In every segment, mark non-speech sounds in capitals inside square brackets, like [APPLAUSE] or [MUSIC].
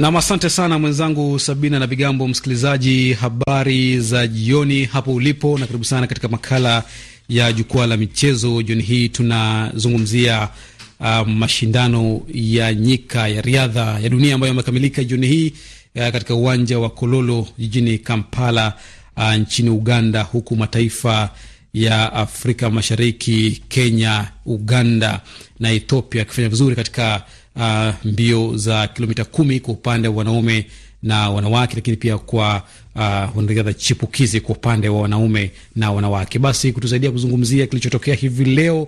Nam, asante sana mwenzangu Sabina na Vigambo. Msikilizaji, habari za jioni hapo ulipo, na karibu sana katika makala ya jukwaa la michezo. Jioni hii tunazungumzia uh, mashindano ya nyika ya riadha ya dunia ambayo yamekamilika jioni hii uh, katika uwanja wa Kololo jijini Kampala uh, nchini Uganda, huku mataifa ya Afrika Mashariki, Kenya, Uganda na Ethiopia yakifanya vizuri katika uh, mbio za kilomita kumi kwa upande wa wanaume na wanawake, lakini pia kwa uh, wanariadha chipukizi kwa upande wa wanaume na wanawake. Basi kutusaidia kuzungumzia kilichotokea hivi leo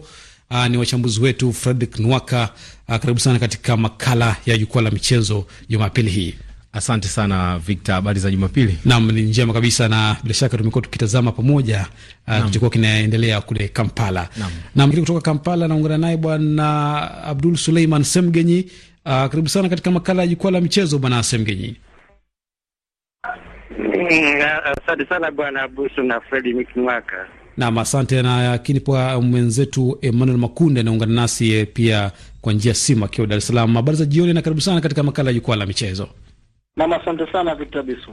uh, ni wachambuzi wetu Fredrick Nwaka. Uh, karibu sana katika makala ya jukwaa la michezo Jumapili hii. Asante sana Victor, habari za Jumapili? Naam, ni njema kabisa, na bila shaka tumekuwa tukitazama pamoja uh, kilichokuwa uh, kinaendelea kule Kampala. Naam, kutoka Kampala naungana naye bwana Abdul Suleiman Semgenyi. Uh, karibu sana katika makala ya jukwaa la michezo bwana Semgenyi. Mm, asante sana bwana Abusu na Fredi Mikimwaka. Naam, asante na lakini pia mwenzetu Emmanuel Makunde anaungana nasi eh, pia kwa njia simu akiwa Dar es Salaam. Habari za jioni na karibu sana katika makala ya jukwaa la michezo. Nam, asante sana Victor Abisu.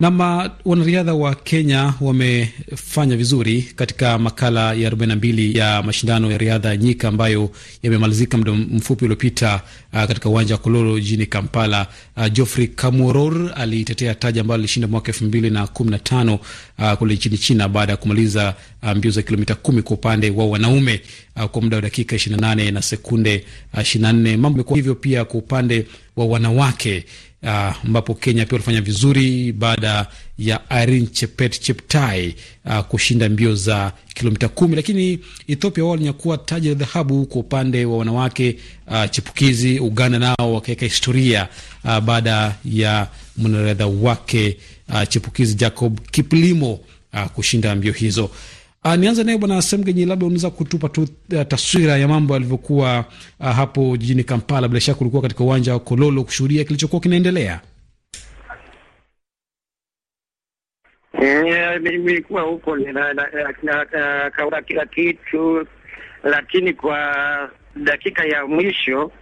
Nam, uh, wanariadha wa Kenya wamefanya vizuri katika makala ya 42 ya mashindano ya riadha nyika ambayo yamemalizika muda mfupi uliopita uh, katika uwanja wa Kololo jijini Kampala. Uh, Geoffrey Kamworor alitetea taji ambalo lilishinda mwaka 2015 uh, kule nchini China baada ya kumaliza uh, mbio za kilomita kumi kwa upande wa wanaume uh, kwa muda wa dakika 28 na sekunde uh, 24. Mambo imekuwa hivyo pia kwa upande wa wanawake Ah, ambapo uh, Kenya pia walifanya vizuri baada ya Irene Chepet Cheptai uh, kushinda mbio za kilomita kumi, lakini Ethiopia wao walinyakua taji la dhahabu kwa upande wa wanawake uh, chipukizi. Uganda nao wakaweka historia uh, baada ya mwanariadha wake uh, chipukizi Jacob Kiplimo uh, kushinda mbio hizo. Uh, nianze naye Bwana Semgenyi, labda unaweza kutupa tu uh, taswira ya mambo yalivyokuwa uh, hapo jijini Kampala. Bila shaka ulikuwa katika uwanja wa Kololo kushuhudia kilichokuwa kinaendelea. Eh, nilikuwa huko nakaona eh, kila kitu, lakini kwa dakika ya mwisho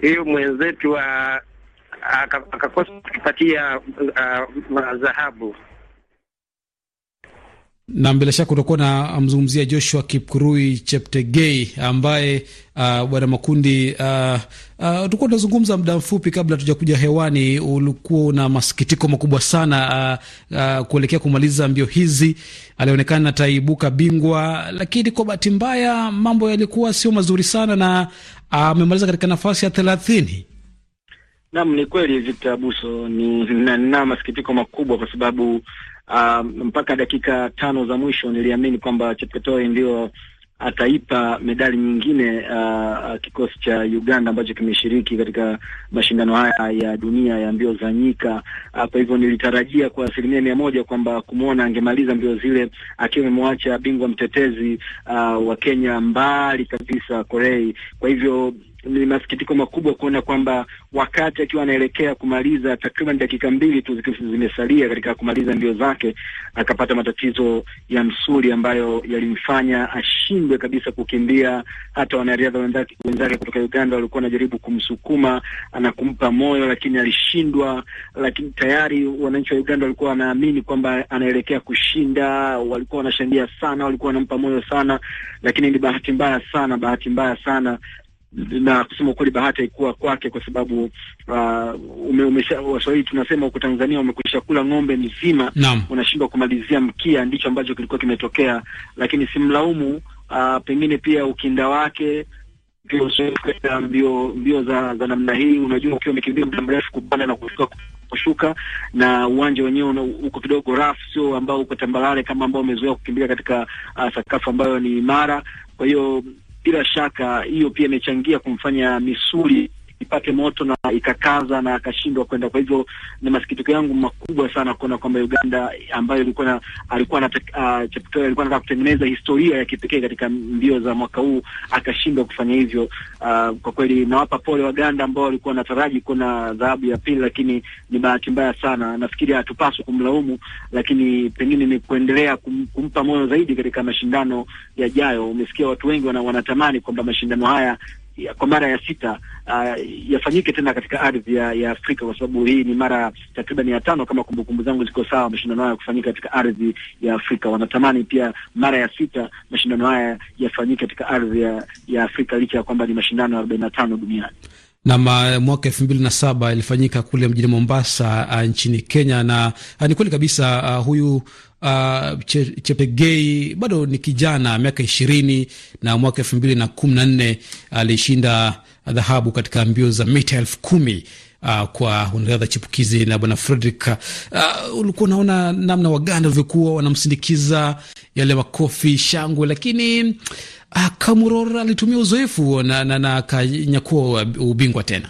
hiyo mwenzetu ah, akakosa kutupatia dhahabu na bila shaka utakuwa na mzungumzia Joshua Kipkurui Cheptegei ambaye uh, bwana Makundi, uh, uh, tukuwa tunazungumza muda mfupi kabla tujakuja hewani, ulikuwa una masikitiko makubwa sana uh, uh, kuelekea kumaliza mbio hizi. Alionekana ataibuka bingwa, lakini kwa bahati mbaya mambo yalikuwa sio mazuri sana, na amemaliza uh, katika nafasi ya thelathini. Naam, ni kweli Victor Abuso, ni na, na masikitiko makubwa kwa sababu um, mpaka dakika tano za mwisho niliamini kwamba Chepketoi ndio ataipa medali nyingine uh, uh, kikosi cha Uganda ambacho kimeshiriki katika mashindano haya ya dunia ya mbio za nyika. Uh, kwa hivyo nilitarajia kwa asilimia mia moja kwamba kumwona angemaliza mbio zile akiwa amemwacha bingwa mtetezi uh, wa Kenya mbali kabisa Korei. Kwa hivyo ni masikitiko makubwa kuona kwamba wakati akiwa anaelekea kumaliza takriban dakika mbili tu zimesalia katika kumaliza mbio zake, akapata matatizo ya msuli ambayo yalimfanya ashindwe kabisa kukimbia. Hata wanariadha wenzake wenzake kutoka Uganda walikuwa wanajaribu kumsukuma na kumpa moyo, lakini alishindwa. Lakini tayari wananchi wa Uganda walikuwa wanaamini kwamba anaelekea kushinda, walikuwa wanashangilia sana, walikuwa wanampa moyo sana, lakini ni bahati mbaya sana, bahati mbaya sana na kusema ukweli, bahati haikuwa kwake kwa sababu uh, ume, umesha, Waswahili tunasema huko Tanzania umekwisha kula ng'ombe mzima, unashindwa kumalizia mkia. Ndicho ambacho kilikuwa kimetokea, lakini simlaumu. Uh, pengine pia ukinda wake mbio mbio za, za namna hii, unajua ukiwa umekimbia muda mrefu kupanda na kushuka kushuka na uwanja wenyewe uko kidogo rafu sio ambao uko tambarare kama ambao umezoea kukimbia katika uh, sakafu ambayo ni imara. Kwa hiyo bila shaka hiyo pia imechangia kumfanya misuli ipate moto na ikakaza na akashindwa kwenda. Kwa hivyo ni masikitiko yangu makubwa sana kuona kwamba Uganda ambayo ilikuwa na alikuwa na uh, alikuwa anataka kutengeneza historia ya kipekee katika mbio za mwaka huu akashindwa kufanya hivyo. Uh, kwa kweli nawapa pole Waganda ambao walikuwa wanataraji kuona dhahabu ya pili, lakini ni bahati mbaya sana. Nafikiri hatupaswi kumlaumu, lakini pengine ni kuendelea kum, kumpa moyo zaidi katika mashindano yajayo. Umesikia watu wengi wana, wanatamani kwamba mashindano haya ya, kwa mara ya sita uh, yafanyike tena katika ardhi ya, ya Afrika kwa sababu hii ni mara takriban ya tano kama kumbukumbu zangu ziko sawa, mashindano haya kufanyika katika ardhi ya Afrika. Wanatamani pia mara ya sita mashindano haya yafanyike katika ardhi ya, ya Afrika licha ya kwamba ni mashindano arobaini na tano duniani na mwaka elfu mbili na saba ilifanyika kule mjini Mombasa a, nchini Kenya na a, ni kweli kabisa a, huyu uh, che, Chepegei bado ni kijana miaka ishirini na mwaka elfu mbili na kumi na nne alishinda dhahabu katika mbio za mita elfu kumi uh, kwa wanariadha chipukizi na bwana Fredrick, uh, ah, ulikuwa unaona namna Waganda walivyokuwa wanamsindikiza yale makofi, shangwe, lakini uh, Kamurora alitumia uzoefu na, na, na akanyakua ubingwa tena.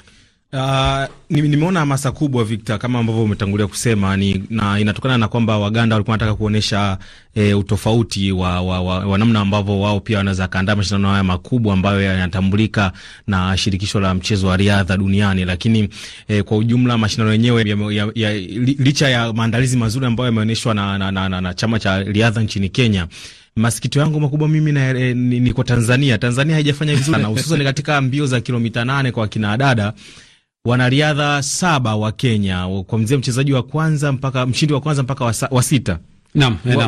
Uh, nimeona hamasa kubwa Victor, kama ambavyo umetangulia kusema ni, na inatokana na kwamba Waganda walikuwa wanataka kuonyesha e, eh, utofauti wa, wa, wa, wa namna ambavyo wao pia wanaweza kaandaa mashindano haya makubwa ambayo yanatambulika na shirikisho la mchezo wa riadha duniani. Lakini e, kwa ujumla mashindano yenyewe ya, ya, ya, licha ya maandalizi mazuri ambayo yameonyeshwa na, na, na, na, na chama cha riadha nchini Kenya Masikito yangu makubwa mimi na, e, eh, niko Tanzania. Tanzania haijafanya vizuri sana hususan katika mbio za kilomita nane kwa kina dada wanariadha saba wa Kenya kuanzia mchezaji wa kwanza mpaka mshindi wa kwanza mpaka wa, sita eh, Naam, wa,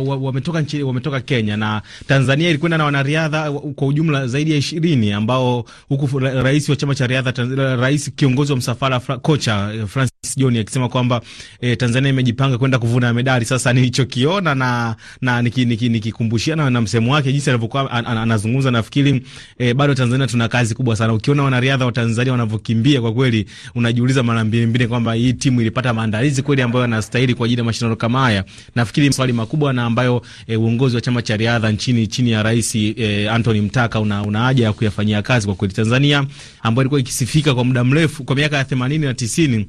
wa, Wametoka wa wa Kenya na Tanzania ilikwenda na wanariadha kwa ujumla zaidi ya ishirini ambao huku rais wa chama cha riadha rais kiongozi wa msafara kocha eh, Francis John akisema kwamba eh, Tanzania imejipanga kwenda kuvuna medali. Sasa nilichokiona na na nikikumbushia niki, niki na msemo wake jinsi alivyokuwa an, an, anazungumza, nafikiri eh, bado Tanzania tuna kazi kubwa sana. Ukiona wanariadha wa Tanzania wanavyokimbia kwa kweli, unajiuliza mara mbili mbili kwamba hii timu ilipata maandalizi kweli ambayo anastahili kwa ajili ya mashindano kama haya. Nafikiri maswali makubwa na ambayo eh, uongozi wa chama cha riadha nchini chini ya Rais eh, Anthony Mtaka una, una haja ya kuyafanyia kazi kwa kweli. Tanzania ambayo ilikuwa ikisifika kwa muda mrefu kwa miaka ya 80 na 90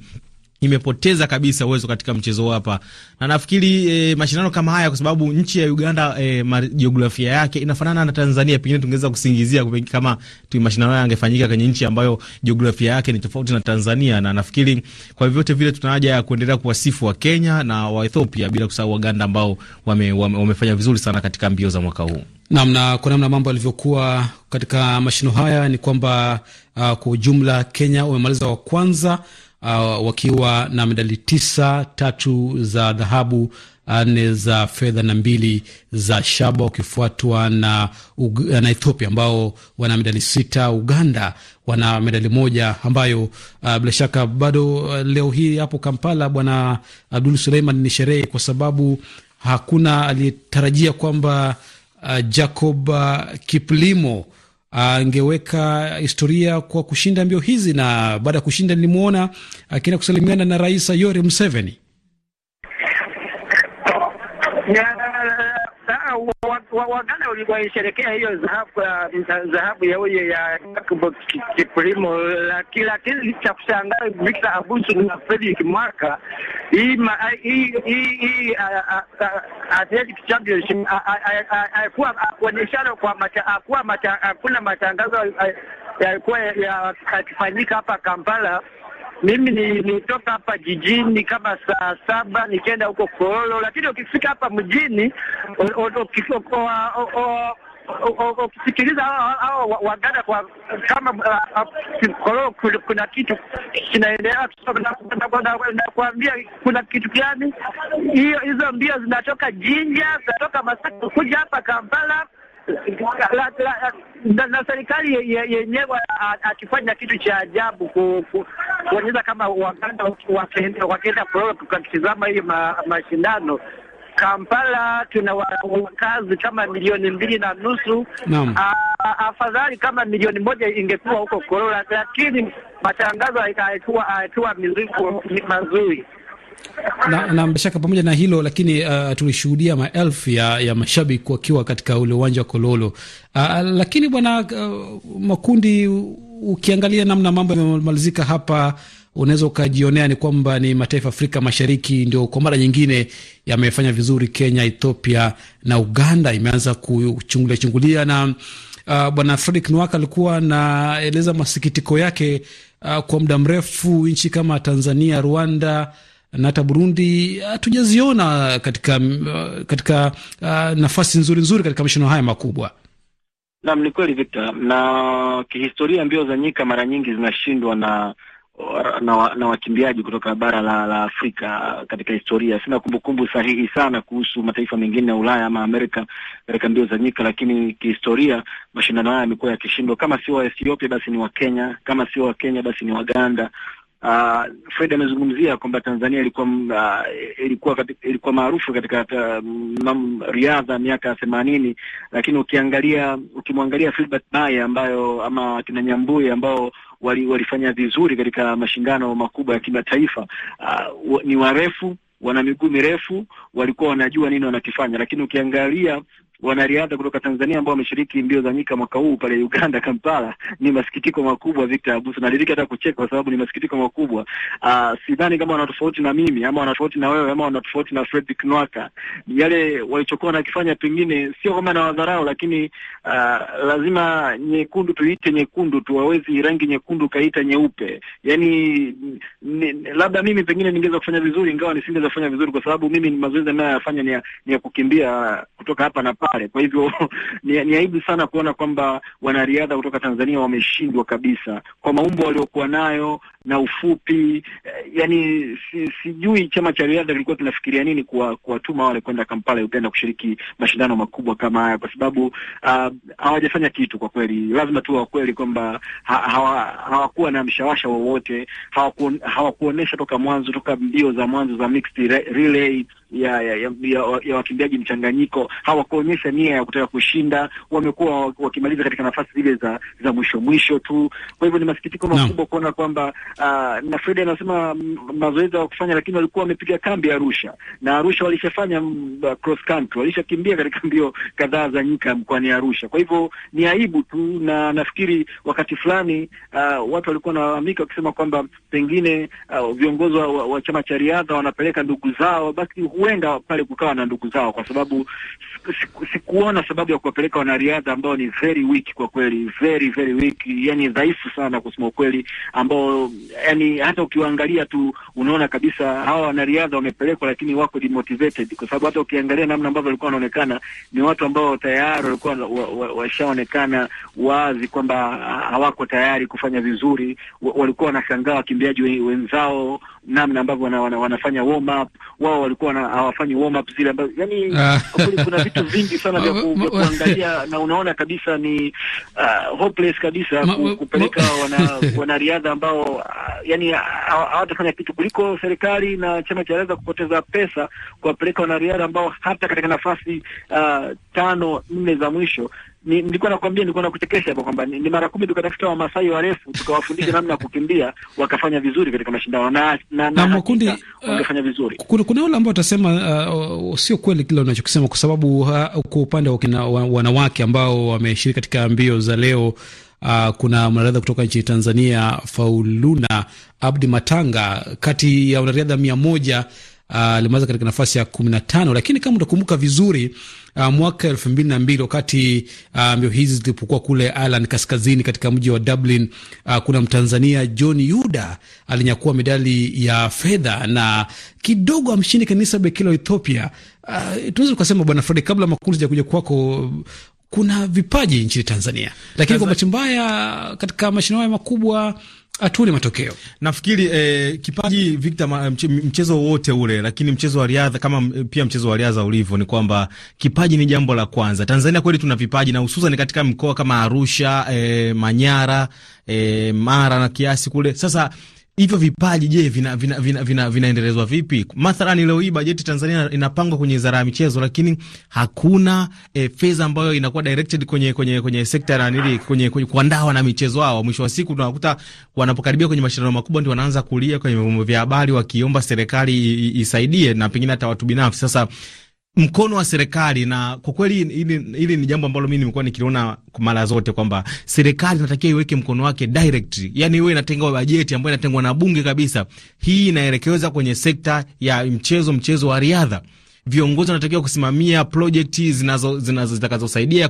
imepoteza kabisa uwezo katika mchezo hapa, na nafikiri e, mashindano kama haya, kwa sababu nchi ya Uganda e, jiografia yake inafanana na Tanzania, pengine tungeweza kusingizia kama tu mashindano haya yangefanyika kwenye nchi ambayo jiografia yake ni tofauti na Tanzania. Na nafikiri kwa vyote vile tuna haja ya kuendelea kuwasifu wa Kenya na wa Ethiopia, bila kusahau Waganda ambao wame, wame, wamefanya vizuri sana katika mbio za mwaka huu. Namna kwa namna mambo yalivyokuwa katika mashindano haya ni kwamba uh, kwa ujumla Kenya umemaliza wa kwanza uh, wakiwa na medali tisa, tatu za dhahabu, uh, nne za fedha na mbili za shaba, wakifuatwa na, na Ethiopia ambao wana medali sita. Uganda wana medali moja ambayo uh, bila shaka bado uh, leo hii hapo Kampala, Bwana Abdul Suleiman, ni sherehe kwa sababu hakuna aliyetarajia kwamba uh, Jacob uh, Kiplimo angeweka historia kwa kushinda mbio hizi, na baada ya kushinda nilimwona akienda kusalimiana na Rais Yoweri Museveni. Waganda walisherekea hiyo dhahabu ya huyo ya Jacob Kiprimo, lakini cha kushangaza Victor Abusu na Fredrick Mwaka, hii Athletic Championship hakuna matangazo yalikuwa yakifanyika hapa Kampala. Mimi nilitoka hapa jijini kama saa saba nikienda huko Kololo, lakini ukifika hapa mjini ukisikiliza hao Waganda kwa kama ah, ah, Kololo kuna kitu kinaendelea, nakwambia kuna kitu gani Hizo mbio zinatoka Jinja, zinatoka Masaka kuja hapa Kampala la, la, na, na serikali yenyewe akifanya kitu cha ajabu kuonyesha kama Waganda wakienda kutizama hiyo mashindano Kampala tuna wakazi kama milioni mbili na nusu. Naam. Afadhali kama milioni moja ingekuwa huko Korola, lakini matangazo haikuwa mizuri mazuri na, na bila pamoja na hilo lakini uh, tulishuhudia maelfu ya, ya mashabiki wakiwa katika ule uwanja wa Kololo. Uh, lakini bwana uh, Makundi, ukiangalia namna mambo yamemalizika hapa, unaweza ukajionea ni kwamba ni mataifa Afrika Mashariki ndio kwa mara nyingine yamefanya vizuri. Kenya, Ethiopia na Uganda imeanza kuchungulia chungulia na Uh, Bwana Fredrick Nwaka alikuwa anaeleza masikitiko yake uh, kwa muda mrefu nchi kama Tanzania, Rwanda na hata Burundi ah, hatujaziona katika, ah, katika uh, nafasi nzuri nzuri katika mashindano haya makubwa. Naam, ni kweli Victor, na kihistoria mbio za nyika mara nyingi zinashindwa na na, na wakimbiaji kutoka bara la, la Afrika. Katika historia sina kumbukumbu sahihi sana kuhusu mataifa mengine ya Ulaya ama Amerika katika mbio za nyika, lakini kihistoria mashindano haya yamekuwa yakishindwa, kama sio wa Ethiopia basi ni wa Kenya, kama sio wa Kenya basi ni Waganda, Uh, Fred amezungumzia kwamba Tanzania ilikuwa uh, ilikuwa katika, ilikuwa maarufu katika um, riadha miaka ya themanini, lakini ukiangalia ukimwangalia Filbert Baye ambayo ama kina Nyambui ambao wali, walifanya vizuri katika mashindano makubwa ya kimataifa uh, ni warefu wana miguu mirefu, walikuwa wanajua nini wanakifanya, lakini ukiangalia wanariadha kutoka Tanzania ambao wameshiriki mbio za nyika mwaka huu pale Uganda Kampala, ni masikitiko makubwa. Victor Abuso nadiriki hata kucheka kwa sababu ni masikitiko makubwa. Uh, sidhani kama wanatofauti na mimi ama wanatofauti na wewe ama wanatofauti na Fred Nwaka. Yale walichokuwa wanakifanya pengine sio kama na wadharau, lakini uh, lazima nyekundu tuite nyekundu tu, wawezi rangi nyekundu kaita nyeupe. Yani labda mimi pengine ningeweza kufanya vizuri, ingawa nisingeweza kufanya vizuri kwa sababu mimi mazoezi ninayoyafanya ni ya, kukimbia kutoka hapa na pa pale. Kwa hivyo [LAUGHS] ni, ni aibu sana kuona kwamba wanariadha kutoka Tanzania wameshindwa kabisa kwa maumbo waliokuwa nayo na ufupi eh, yani si, sijui chama cha riadha kilikuwa kinafikiria nini kuwatuma wale kwenda Kampala Uganda kushiriki mashindano makubwa kama haya, kwa sababu ah, hawajafanya uh, kitu kwa kweli. Lazima tu wakweli kwamba hawakuwa na mshawasha wowote, hawakuonesha toka mwanzo, toka mbio za mwanzo za mixed relay ya ya, ya, ya, ya wakimbiaji mchanganyiko hawakuonyesha nia ya kutaka kushinda. Wamekuwa wakimaliza katika nafasi zile za za mwisho mwisho tu. Kwa hivyo ni masikitiko makubwa no. kuona kwamba Ah, na Fred anasema mazoezi ya kufanya lakini walikuwa wamepiga kambi Arusha, na Arusha walishafanya mm, cross country, walishakimbia katika mbio kadhaa za nyika mkoani Arusha. Kwa hivyo ni aibu tu, na nafikiri wakati fulani uh, watu walikuwa wanalalamika wakisema kwamba pengine uh, viongozi wa, wa chama cha riadha wanapeleka ndugu zao, basi huenda pale kukawa na ndugu zao, kwa sababu sikuona siku sababu ya kuwapeleka wanariadha ambao ni very weak kwa kweli, very very weak, yani dhaifu sana kusema ukweli, ambao yani hata ukiwaangalia tu unaona kabisa hawa wanariadha wamepelekwa, lakini wako demotivated, kwa sababu hata ukiangalia namna ambavyo walikuwa wanaonekana ni watu ambao tayari walikuwa washaonekana wa, wa, wa wazi kwamba hawako tayari kufanya vizuri. Walikuwa wanashangaa wakimbiaji wenzao namna ambavyo wana, wana, wanafanya warm up wao walikuwa hawafanyi warm up zile ambazo yani kwa kweli kuna vitu vingi sana vya [LAUGHS] kuangalia na unaona kabisa ni uh, hopeless kabisa kupeleka wana [LAUGHS] wanariadha ambao uh, yani hawatafanya kitu kuliko serikali na chama cha riadha kupoteza pesa kuwapeleka wanariadha ambao hata katika nafasi uh, tano nne za mwisho nilikuwa nakwambia nilikuwa nakuchekesha hapo kwamba ni, mara kumi tukatafuta Wamasai warefu tukawafundisha namna ya kukimbia wakafanya vizuri katika mashindano na na, na makundi uh, wakafanya vizuri. Kuna, kuna wale ambao watasema uh, sio kweli kile unachokisema kwa sababu uh, kwa upande wa wanawake ambao wameshiriki katika mbio za leo Uh, kuna mwanariadha kutoka nchini Tanzania Fauluna Abdi Matanga, kati ya wanariadha mia moja Ah, alimaliza uh, katika nafasi ya kumi na tano, lakini kama utakumbuka vizuri uh, mwaka elfu mbili na mbili wakati uh, mbio hizi zilipokuwa kule Ireland kaskazini katika mji wa Dublin uh, kuna Mtanzania John Yuda alinyakua medali ya fedha na kidogo amshindi Kanisa Bekele wa Ethiopia. Uh, tunaweza tukasema Bwana Fredi, kabla makundi ya kuja kwako kuna vipaji nchini Tanzania, lakini kwa bahati mbaya katika mashindano haya makubwa atule matokeo. Nafikiri eh, kipaji Victor, mchezo wote ule, lakini mchezo wa riadha kama eh, pia mchezo wa riadha ulivyo, ni kwamba kipaji ni jambo la kwanza. Tanzania kweli tuna vipaji na hususan katika mkoa kama Arusha, eh, Manyara, eh, Mara na kiasi kule sasa hivyo vipaji je, vinaendelezwa vina, vina, vina, vina vipi? Mathalani leo hii bajeti Tanzania inapangwa kwenye wizara ya michezo, lakini hakuna e, fedha ambayo inakuwa directed kwenye kwenye kwenye sekta ya kwenye, kwenye kuandaa wana michezo hao. Mwisho wa siku tunakuta wanapokaribia kwenye mashindano makubwa ndio wanaanza kulia kwenye vyombo vya habari wakiomba serikali isaidie na pengine hata watu binafsi. Sasa mkono wa serikali. Na kwa kweli hili ni jambo ambalo mimi nimekuwa nikiliona mara zote kwamba serikali inatakiwa iweke mkono wake direct, yani iwe inatenga bajeti ambayo inatengwa na bunge kabisa. Hii inaelekeza kwenye sekta ya mchezo, mchezo wa riadha viongozi wanatakiwa kusimamia projekti zinazo zitakazosaidia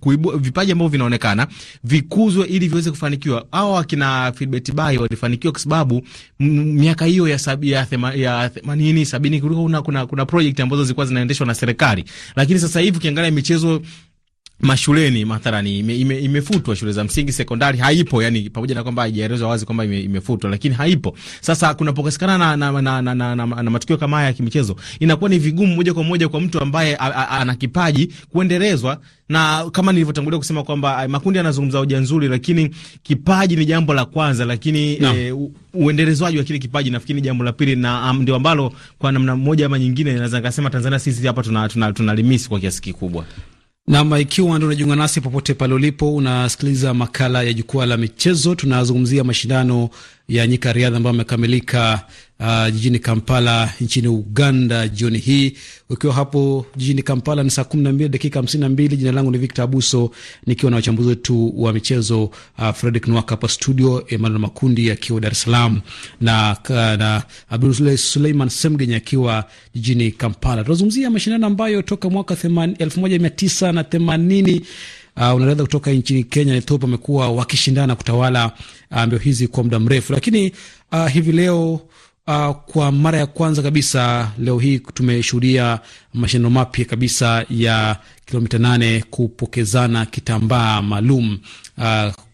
kuibua vipaji ambavyo vinaonekana vikuzwe ili viweze kufanikiwa. Hawa akina Fidbet Bay walifanikiwa kwa sababu miaka hiyo ya sabi, ya 80 70 kulikuwa kuna kuna, kuna projekti ambazo zilikuwa zinaendeshwa na serikali, lakini sasa hivi ukiangalia michezo mashuleni mathalani ime, ime, shule za msingi sekondari haipo, yani pamoja na kwamba haijaelezwa wazi kwamba ime, imefutwa, lakini haipo. Sasa kunapokosekana na, na, na, na, na, na, na matukio kama haya ya kimichezo, inakuwa ni vigumu moja kwa moja kwa mtu ambaye ana kipaji kuendelezwa na kama nilivyotangulia kusema kwamba eh, makundi yanazungumza hoja nzuri, lakini kipaji ni jambo la kwanza, lakini eh, no. E, uendelezwaji wa kile kipaji nafikiri ni jambo la pili, na ah, ndio ambalo kwa namna moja ama nyingine naweza nikasema Tanzania sisi hapa tuna, tuna, tuna kwa kiasi kikubwa. Nam, ikiwa ndo unajiunga nasi popote pale ulipo, unasikiliza makala ya jukwaa la michezo. Tunazungumzia mashindano ya nyika riadha ambayo amekamilika uh, jijini Kampala nchini Uganda jioni hii. Ukiwa hapo jijini Kampala ni saa kumi na mbili dakika hamsini na mbili. Jina langu ni Victor Abuso nikiwa na wachambuzi wetu wa michezo uh, Fredrick Nwaka hapa studio, Emmanuel Makundi akiwa Dar es Salaam na, uh, na Abdul Suleiman Semgenye akiwa jijini Kampala. Tunazungumzia mashindano ambayo toka mwaka elfu moja mia tisa na themanini uh, unariadha kutoka nchini Kenya Ethiopia wamekuwa wakishindana kutawala uh, mbio hizi kwa muda mrefu, lakini uh, hivi leo Uh, kwa mara ya kwanza kabisa leo hii tumeshuhudia mashindano mapya kabisa ya kilomita nane kupokezana kitambaa maalum uh,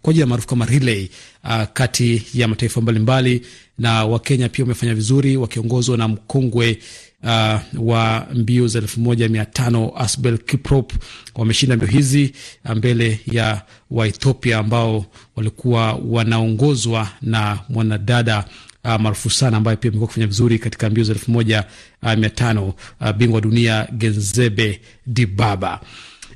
kwa ya maarufu kama relay uh, kati ya mataifa mbalimbali, na Wakenya pia wamefanya vizuri wakiongozwa na mkongwe uh, wa mbio za elfu moja mia tano Asbel Kiprop wameshinda mbio hizi uh, mbele ya Waethiopia ambao walikuwa wanaongozwa na mwanadada Uh, maarufu sana ambaye pia amekuwa kufanya vizuri katika mbio za elfu moja uh, mia tano uh, bingwa dunia Genzebe Dibaba.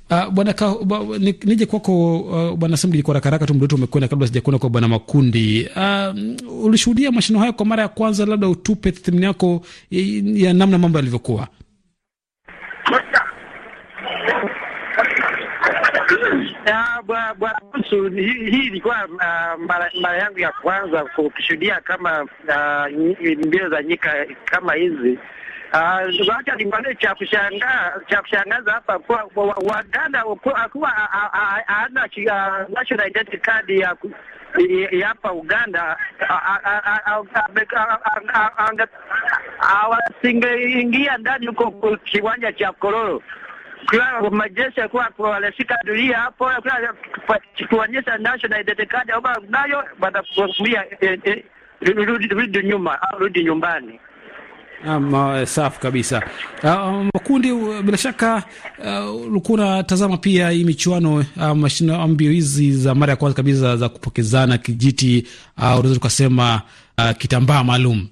Uh, bwana ba, nije kwako uh, bwana Simdi kwa rakaraka tu mdoto umekwenda kabla sijakwenda kwa bwana Makundi. Uh, ulishuhudia mashindano haya kwa mara ya kwanza, labda utupe tathmini yako eh, ya namna mambo yalivyokuwa. Bwanahusu, hii ilikuwa mara yangu ya kwanza kushuhudia kama mbio za nyika kama hizi Ah, Wacha nipande cha kushangaza cha kushangaza hapa kwa Waganda akuwa hana national identity card ya hapa Uganda awasingeingia ndani huko kiwanja cha Kololo majeshi walishika dunia hapo kuonyesha national identity card nayo eh, eh, rudi nyuma au rudi nyumbani uh, ah, safu kabisa. Ah, ah, Makundi um, bila shaka ulikuwa uh, unatazama pia hii michuano uh, mashindano mbio hizi za mara ya kwanza kabisa za, za kupokezana kijiti uh, unaweza tukasema uh, kitambaa maalum.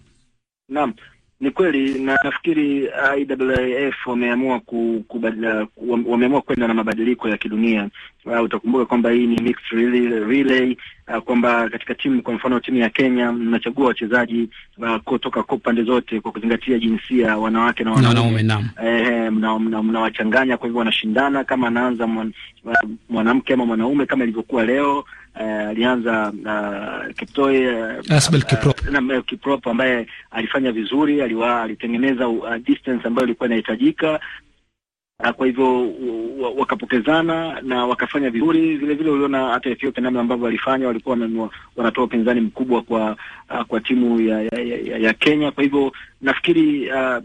Naam, ni kweli nafikiri uh, IAAF wameamua kubadila, wameamua kwenda na mabadiliko ya kidunia. Uh, utakumbuka kwamba hii ni mixed relay, relay uh, kwamba katika timu, kwa mfano timu ya Kenya mnachagua wachezaji uh, kutoka kwa pande zote kwa kuzingatia jinsia, wanawake na wanaume, mnawachanganya. Kwa hivyo wanashindana kama anaanza uh, mwanamke mwana ama mwanaume kama ilivyokuwa leo Eh, alianza uh, Kiptoe eh, Asbel ah, Kiprop eh, na Kiprop ambaye alifanya vizuri, aliwa alitengeneza uh, distance ambayo ilikuwa inahitajika ah, kwa hivyo wakapokezana na wakafanya vizuri vile vile. Uliona hata Ethiopia namna ambavyo walifanya, walikuwa wanatoa upinzani mkubwa kwa ah, kwa timu ya, ya, ya Kenya. Kwa hivyo nafikiri uh,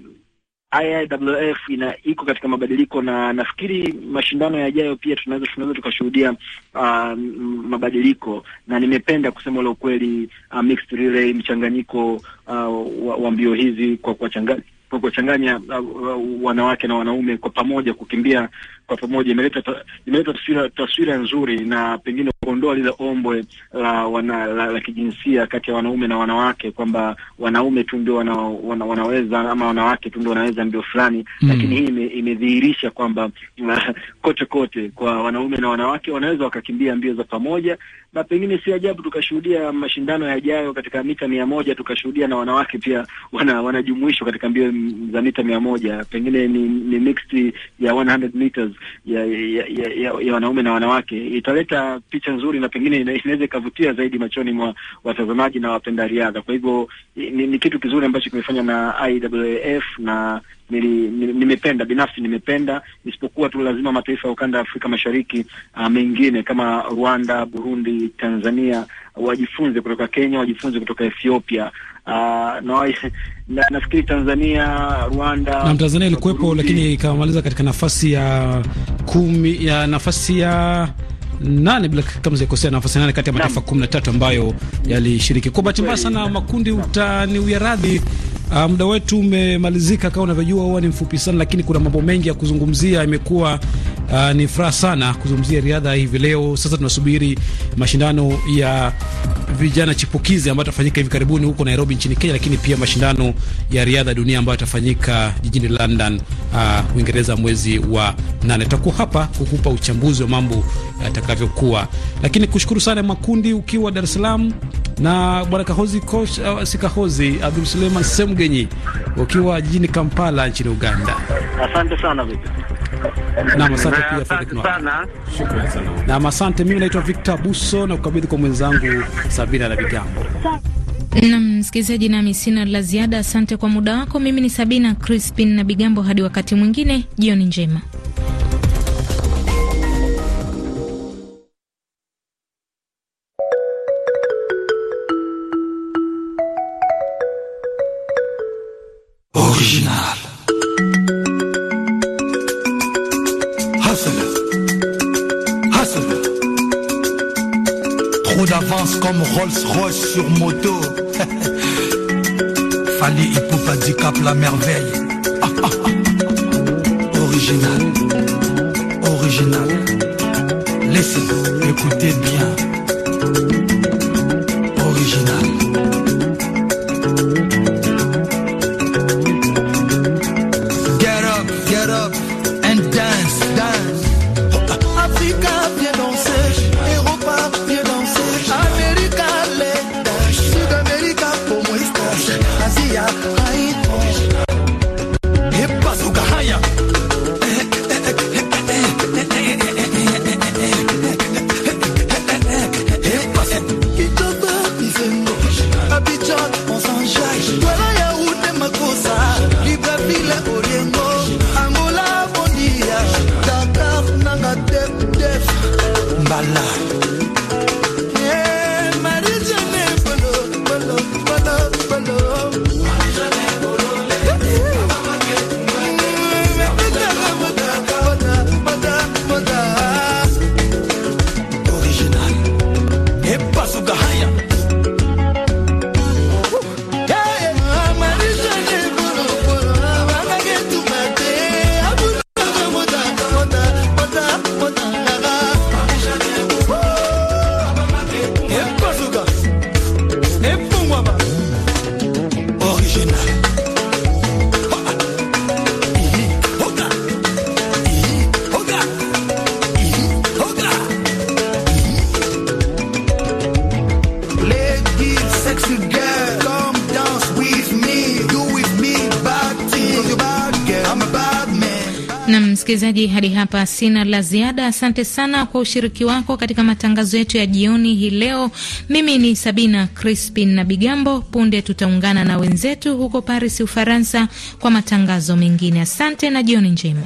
IIWF ina iko katika mabadiliko na nafikiri mashindano yajayo pia tunaweza tunaweza tukashuhudia uh, mabadiliko, na nimependa kusema ule ukweli uh, mixed relay, mchanganyiko uh, wa, wa mbio hizi kwa kuwachanganya kwa kuwachanganya uh, wanawake na wanaume kwa pamoja kukimbia kwa pamoja imeleta imeleta taswira, taswira nzuri na pengine kuondoa lile ombwe la, wana, la, la kijinsia kati ya wanaume na wanawake kwamba wanaume tu ndio wana, wana, wanaweza ama wanawake tu ndio wanaweza ndio fulani mm. Lakini hii imedhihirisha kwamba [LAUGHS] kote kote kwa wanaume na wanawake wanaweza wakakimbia mbio za pamoja, na pengine si ajabu tukashuhudia mashindano yajayo katika mita mia moja tukashuhudia na wanawake pia wanajumuishwa katika mbio za mita mia moja pengine ni, ni mixed ya 100 meters ya ya, ya, ya, ya wanaume na wanawake italeta picha nzuri na pengine inaweza ikavutia zaidi machoni mwa watazamaji na wapenda riadha. Kwa hivyo ni, ni kitu kizuri ambacho kimefanywa na IAAF na nimependa binafsi, nimependa isipokuwa tu lazima mataifa ya ukanda wa Afrika Mashariki uh, mengine kama Rwanda, Burundi, Tanzania wajifunze kutoka Kenya, wajifunze kutoka Ethiopia Uh, [LAUGHS] nafikiri Tanzania, Rwanda na Tanzania ilikuwepo lakini ikamaliza katika nafasi ya kumi, ya nafasi ya nane bila kama zikosea nafasi nane kati ya mataifa 13 ambayo yalishiriki. Kwa bahati mbaya sana makundi utaniuya radhi Uh, muda wetu umemalizika, kama unavyojua huwa ni mfupi sana, lakini kuna mambo mengi ya kuzungumzia. Imekuwa uh, ni furaha sana kuzungumzia riadha hivi leo. Sasa tunasubiri mashindano ya vijana chipukizi ambayo yatafanyika hivi karibuni huko Nairobi nchini Kenya, lakini pia mashindano ya riadha dunia ambayo yatafanyika jijini London, uh, Uingereza mwezi wa nane. Tutakuwa hapa kukupa uchambuzi wa mambo yatakavyokuwa, uh, lakini kushukuru sana Makundi ukiwa Dar es Salaam na bwana Kahozi Kosh, uh, eh, si Kahozi, Abdul Suleiman Semgenyi ukiwa jijini Kampala nchini Uganda. Asante sana Na asante pia Fredrick sana. Shukrani sana Na asante. Mimi naitwa Victor Buso na kukabidhi kwa mwenzangu Sabina na Bigambo. Nam msikilizaji, nami sina la ziada. Asante kwa muda wako. Mimi ni Sabina Crispin na Bigambo, hadi wakati mwingine. Jioni njema. roche sur moto. Fallait du cap la merveille. [LAUGHS] Original, original. Laissez écouter bien. Msikilizaji, hadi hapa sina la ziada. Asante sana kwa ushiriki wako katika matangazo yetu ya jioni hii leo. Mimi ni Sabina Crispin na Bigambo. Punde tutaungana na wenzetu huko Paris, Ufaransa, kwa matangazo mengine. Asante na jioni njema.